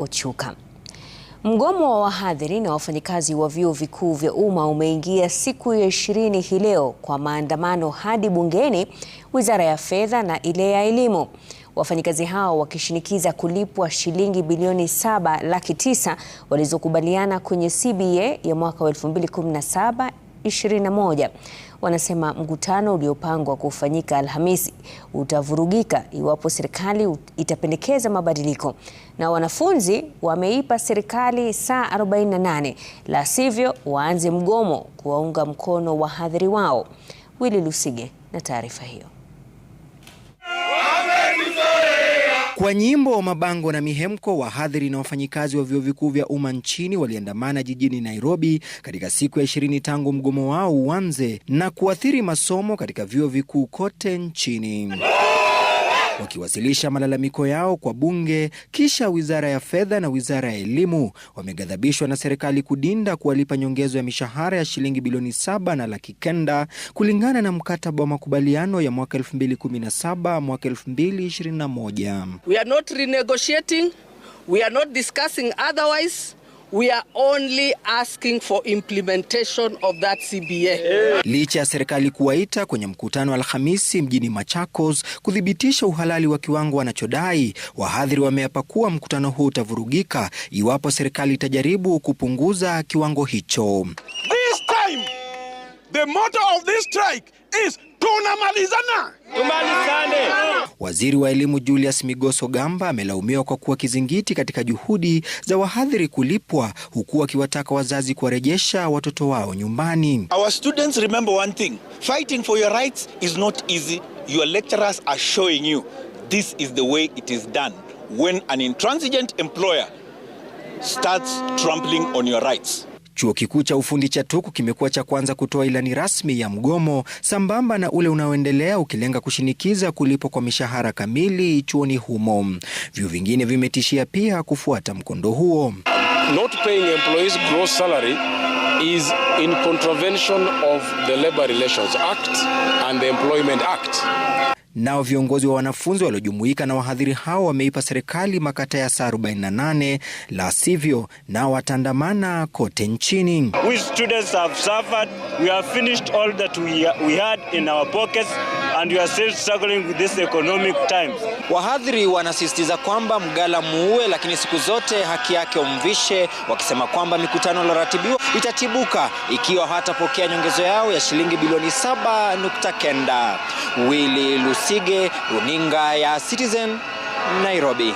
Ochuka. Mgomo wa wahadhiri na wafanyikazi wa vyuo vikuu vya umma umeingia siku ya ishirini hii leo kwa maandamano hadi bungeni, wizara ya fedha na ile ya elimu, wafanyikazi hao wakishinikiza kulipwa shilingi bilioni saba laki tisa walizokubaliana kwenye CBA ya mwaka wa 2017 21 wanasema mkutano uliopangwa kufanyika Alhamisi utavurugika iwapo serikali itapendekeza mabadiliko, na wanafunzi wameipa serikali saa 48, la sivyo waanze mgomo kuwaunga mkono wahadhiri wao. Willy Lusige na taarifa hiyo. Kwa nyimbo, mabango na mihemko, wahadhiri na wafanyikazi wa vyuo vikuu vya umma nchini waliandamana jijini Nairobi katika siku ya ishirini tangu mgomo wao uanze na kuathiri masomo katika vyuo vikuu kote nchini wakiwasilisha malalamiko yao kwa bunge, kisha wizara ya fedha na wizara ya elimu wameghadhabishwa na serikali kudinda kuwalipa nyongezo ya mishahara ya shilingi bilioni saba na laki kenda kulingana na mkataba wa makubaliano ya mwaka 2017 mwaka 2021. We are not renegotiating, we are not discussing otherwise. We are only asking for implementation of that CBA. Yeah. Licha ya serikali kuwaita kwenye mkutano Alhamisi mjini Machakos kuthibitisha uhalali wa kiwango wanachodai, wahadhiri wameapa kuwa mkutano huu utavurugika iwapo serikali itajaribu kupunguza kiwango hicho. This time, the motto of this strike is tunamalizana. Tumalizane. Waziri wa elimu Julius Migoso Gamba amelaumiwa kwa kuwa kizingiti katika juhudi za wahadhiri kulipwa huku akiwataka wazazi kuwarejesha watoto wao nyumbani. Our students remember one thing. Fighting for your rights is not easy. Your lecturers are showing you this is the way it is done when an intransigent employer starts trampling on your rights. Chuo Kikuu cha Ufundi cha Tuku kimekuwa cha kwanza kutoa ilani rasmi ya mgomo sambamba na ule unaoendelea ukilenga kushinikiza kulipo kwa mishahara kamili chuoni humo. Vyuo vingine vimetishia pia kufuata mkondo huo. Not paying employees gross salary is in contravention of the Labor Relations Act and the Employment Act. Nao viongozi wa wanafunzi waliojumuika na wahadhiri hao wameipa serikali makata ya saa 48 la sivyo nao wataandamana kote nchini. We and you are still struggling with this economic times. Wahadhiri wanasisitiza kwamba mgala muue, lakini siku zote haki yake umvishe, wakisema kwamba mikutano iloratibiwa itatibuka ikiwa hatapokea nyongezo yao ya shilingi bilioni saba nukta kenda. Willy Lusige, runinga ya Citizen, Nairobi.